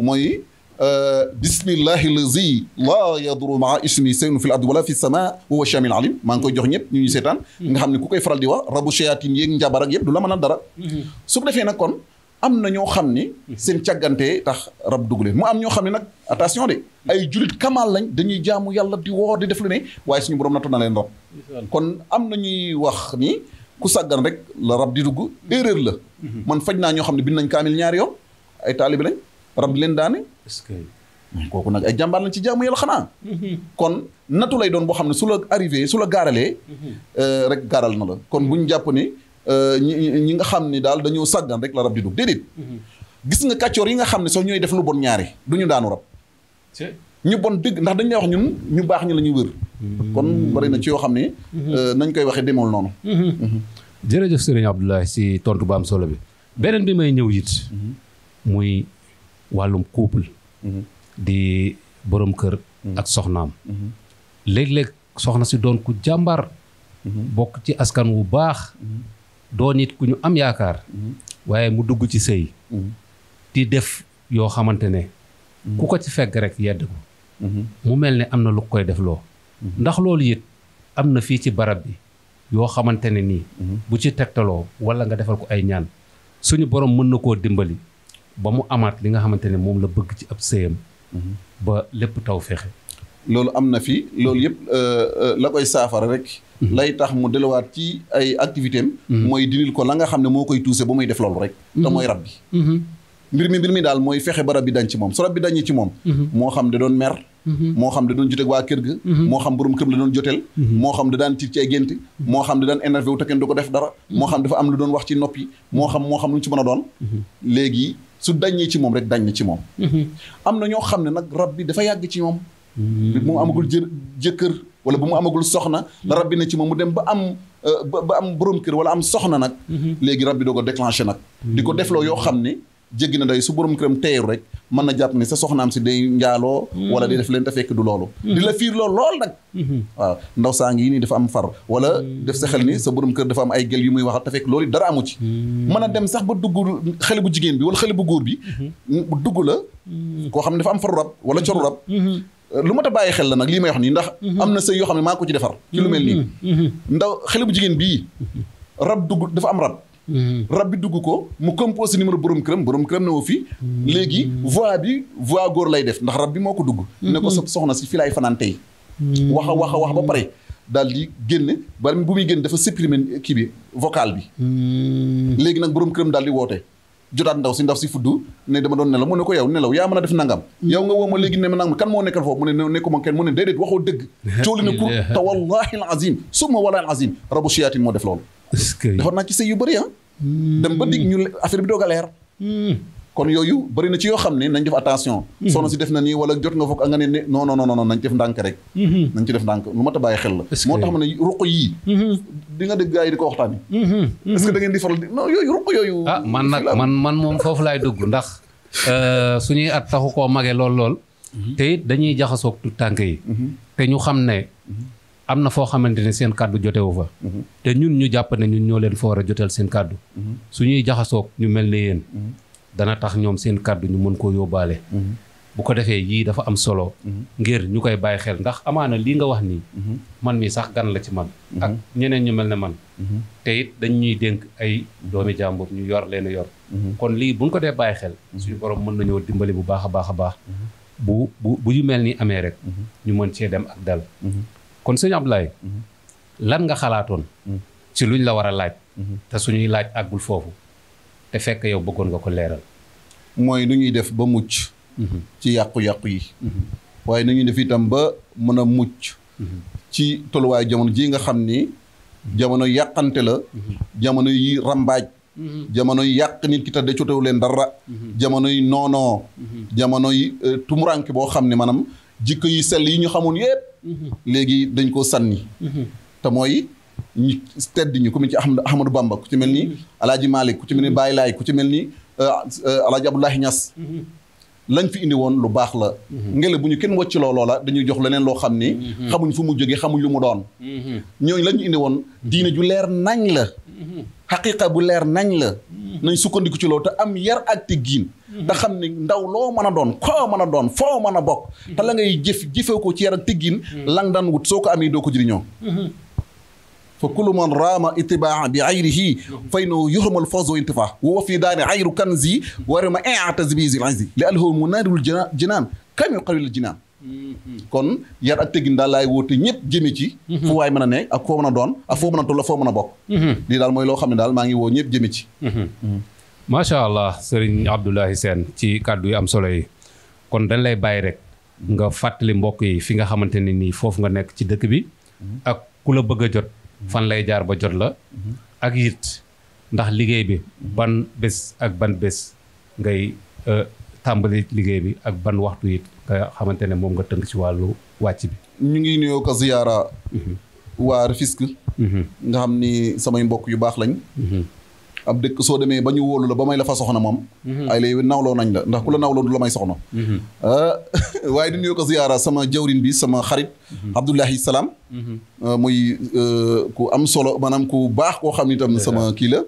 mooy bismillahi lazi laa yaduru maa ismi seynu fil ardi wala fi sama wa huwa shamil alim maa ngi koy jox ñëpp ñu ñuy seetaan nga xam ne ku koy faral di wax rabu shayatin yéeg njabar ak yëpp du la mën a dara su ko defee nag kon am na ñoo xam ni seen càggantee tax rab dugg leen mu am ñoo xam ne nag attention de ay julit kamaal lañ dañuy jaamu yàlla di woor di def lu ne waaye suñu borom nattu na leen rab kon am na ñuy wax ni ku saggan rek la rab di dugg erreur la. Mhm. man faj naa ñoo xam ne bind nañ kaamil ñaari yoon ay taalibi lañ rab di leen daane. est que hmm, kooku nag ay jàmbaar lañ ci jaamu yàlla xanaa. Mhm. kon natu lay doon boo xam ne su la arrivé su la gaaralee. Mhm. Euh, rek gaaral na la kon bu ñu jàpp ni euh, ñi ñi nga xam ne daal dañoo sàggan rek la rab di dugg gis nga kàccoor yi nga xam ne soo ñooy def lu bon ñaari du ñu daanu rab. ñu bon dëgg ndax dañ lay wax ñun ñu baax ñu la ñuy wër. kon bari na ci yoo xam ne. Mhm. Euh, nañ koy waxe demul noonu. Mhm. Mhm. jërëjëf sëriñ Abdoulaye si tontu ba am solo bi beneen bi may ñëw it. muy wàllum couple. di borom kër. ak soxnaam. léeg-léeg soxna si doon ku jàmbar bokk ci askan wu baax. doon it ku ñu am yaakaar. waaye mu dugg ci sëy di def yoo xamante ne. ku ko ci fekk rek yedd ko. mu mel ne am na lu koy def loo ndax loolu it am na fii ci barab bi yoo xamante ne nii bu ci tegtaloo wala nga defal ko ay ñaan suñu borom mën na koo dimbali ba mu amaat li nga xamante ne moom la bëgg ci ab sëyam ba lépp taw fexe loolu am na fi loolu yëpp euh, euh, la koy saafara rek lay tax mu delluwaat ci ay activité mm-hmm. mooy dinil ko la nga xam ne moo koy tuuse ba muy def loolu rek te mm-hmm. mooy rab bi mm-hmm. mbir mi mbir mi daal mooy fexe ba rab bi dañ ci moom su rab bi dañee ci moom mhm. moo xam da doon mer mhm. moo xam da doon joteeg waa kër mhm. moo xam borom kër la doon joteel moo xam da daan tiit ci ay moo xam da daan énervé wu ko def dara moo xam dafa am lu doon wax ci nopp yi moo xam moo xam lu ñu ci mën a doon léegi ci moom rek dañ na ci moom am na ñoo xam ne nag rab bi dafa yàgg ci ñoom amagul jë jëkkër wala bu mu amagul soxna la rab bi ne ci moom mu dem ba am euh, ba am borom kër wala am soxna nag léegi rab bi doo ko déclenché nag di ko defloo yoo xam ne jéggi na day su borom këram teeru rek mën na jàpp ni sa soxnaam si day njaaloo mm. wala day def leen te fekk du loolu mm-hmm. di la fiir lool lool nag mm-hmm. waaw ndaw saa ngi nii dafa am far wala mm-hmm. def sa xel ni sa borom kër dafa am ay gel yu muy waxal te fekk loolu dara amu ci mën a dem sax ba dugg xale bu jigéen bi wala xale bu góor bi dugg la koo xam ne dafa am faru rab wala coru rab lu ma ta bàyyi xel la nag lii ma wax nii ndax am na sëy yoo xam ne maa ko ci defar ci lu mel nii ndaw xale bu jigéen bii rab dugg dafa am rab Mm-hmm. rab bi dugg ko mu composé numéro borom këram borom këram ne woo fii. Mm-hmm. léegi voix bi voix góor lay def ndax rab bi moo ko dugg. Mm-hmm. ne ko soxna si fii laay fanaan tey. wax a wax wax ba pare. daal di génne bari bu muy génn dafa kii bi vocal bi. léegi nag borom këram daal di woote. jotaat ndaw si ndaw si fudd ne dama doon nelaw mu ne ko yow nelaw yaa mën a def nangam yow nga woo a léegi ne ma nangam kan moo nekkal foofu mu ne nekkuma kenn mu ne déedéet waxoo dëgg cooli ne kur te wallahi al azim summa wallahi al azim rabu shiyaatin moo def loolu defoon naa ci sëy yu bëri ah. Hmm. dem ba dig ñu affaire bi doog a leer. Hmm. kon yooyu bëri na ci yoo xam ne nañ def attention. Hmm. soxna si def na nii wala jot nga foog nga ne ne non non non nañ ci def ndànk rek. nañ ci def ndànk lu mat a bàyyi xel la. moo tax da ngeen di faral di non ah, man moom foofu laay dugg ndax euh, suñuy at taxu koo mage lool lool. te dañuy jaxasoo tànk yi. te ñu xam ne. am na foo xamante ne seen kàddu jotewu fa mhm. te ñun ñu jàpp ne ñun ñoo leen fa war a jotal seen kàddu mhm. suñuy jaxasoog ñu mel ne yéen mhm. dana tax ñoom seen kàddu ñu mën koo yóbbaale bu ko defee yii dafa am solo ngir ñu koy bàyyi xel ndax amaana lii nga wax nii man mii sax gan la ci man ak ñeneen ñu mel ne man te it dañ ñuy dénk ay doomi jàmbur ñu yor leen yor kon lii buñ ko dee bàyyi xel suñu borom mën nañoo dimbali bu baax a baax a baax bu bu bu yu mel ni amee rek ñu mën cee dem ak dal kon sëñ laay mhm. lan nga xalaatoon mhm. ci luñ la war a laaj mhm. te suñuy laaj àggul foofu te fekk yow bëggoon nga ko leeral mooy nu ñuy def ba mucc ci yàqu-yàqu yi waaye nu ñuy def itam ba mën a mucc ci tolluwaay jamono ji nga xam ni jamono yàqante la jamono yi rambaaj jamono yi yàq nit ki te de cotewu leen dara jamono yi noonoo jamono yi euh, tumuranke boo xam ni manam jikko yi sell yi ñu xamoon yépp mhm. léegi dañ koo sanni mhm. te mooy ñi tedd ñu ku mel ci Ahmadou Bamba ku ci mel ni mhm. alaaji Malick ku ci mel ni Baye Laay ku ci mel ni euh, euh, alaaji Abdoulahi Niass lañ fi indi woon lu baax la ngele bu ñu kenn looloo la dañuy jox leneen loo xam ni xamuñ fu mu jógee xamuñ lu mu doon ñooñu lañ indi woon diine ju leer nañ la xaqiqa bu leer nañ la. Mm-hmm. nañ sukkandiku ci loota am yar ak teggin. Mm-hmm. te xam ne ndaw loo mën a doon koo mën a doon foo mën a bokk. te mm-hmm. la ngay jëf jëfee ko ci yar ak teggin. lang daan wut soo ko amee doo ko jëriñoo. fa kullu man raama itibaa bi ayrihi fa innahu yuhmal fawz wa intifa wa fi daari ayru kanzi warima i'taz bi zil azi li alhu munadul jinaan kam yuqawil jinaan kon yar ak tegin dal lay wote ñëpp jëme ci mhm. fu way mëna a ne ak ko mëna a doon ak foo mëna a toll mëna bok a mhm. dal moy lo xamni dal ma ngi wo ñëpp jëme ci mhm. sha allah serigne Abdullah sen ci kaddu yu am solo yi kon dañ lay bàyyi rek nga fatali mbokk yi fi nga xamanteni ni fofu nga nekk ci dëkk bi ak ku la bëgg jot fan lay jaar ba jot la ak it ndax liggey bi ban bes ak ban bes ngay euh, tambali liggey bi ak ban waxtu it nga xamante ne moom nga tënk ci wàllu wàcc bi. ñu ngi nuyoo ko ziyaara. waa Rufisque. nga xam ni samay mbokk yu baax lañ. ab dëkk soo demee ba ñu wóolu la ba may la fa soxna moom. ay lay nawloo nañ la ndax ku di nuyoo ko ziyaara sama jawrin bi sama xarit. Abdoulahi Salaam. Euh, muy euh, ku am solo maanaam ku baax koo xam ni tam sama kii la.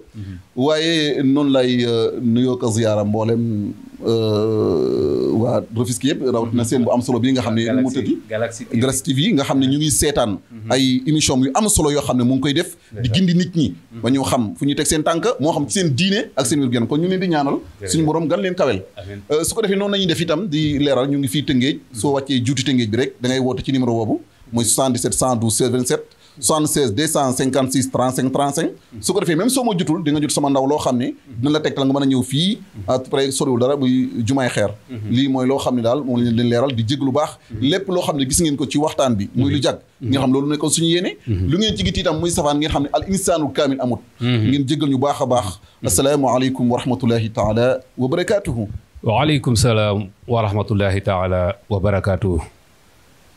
waaye noonu lay euh, nuyoo ko ziyaara mboolem. Euh, waa Rufisque yëpp rawatina seen bu am solo bi nga xam ne nu mu tëddi Galaxy TV nga xam ne ñu ngi seetaan mhm. ay émission yu am solo yoo xam ne mu ngi koy def di gindi nit ñi mhm. ba ñu xam fu ñuy teg seen tànk moo xam ci seen diine ak seen wér gu kon ñu ne di ñaanal suñu borom gan leen kawel euh, su ko defee noonu la ñuy def itam di leeral ñu ngi fii Tëngéej soo wàccee juuti Tëngéej bi rek da ngay woote ci numéro boobu mooy 77 112 27 76 256 35 35 su ko defee même soo ma jutul di nga jut sama ndaw loo xam ne dina la tegtal nga mën a ñëw fii après soriwul dara muy jumaay xeer mhm. lii mooy loo xam ne daal moom lañ leen leeral di jég lu baax mhm. lépp loo xam ne gis ngeen ko ci waxtaan bi muy lu mhm. jag nga xam loolu ko suñu yéene lu ngeen ci git itam muy safaan ngeen xam ne al insaanul kaamil amut ngeen jégal ñu baax a baax asalaamaaleykum wa rahmatullahi taala wa barakaatuhu waaleykum salaam wa rahmatullahi taala wa barakaatuhu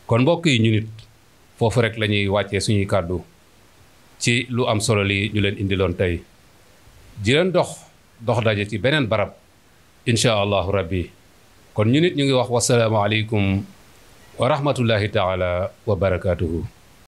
kon mbokk yi ñu foofu rek lañuy ñuy wàccee suñuy kàddu ci lu am solo lii ñu leen indiloon tey di dox dox daje ci beneen barab incha allahu rabbi kon ñu nit ñu ngi wax wasalaamaaleykum wa rahmatullahi taala wa barakaatuhu.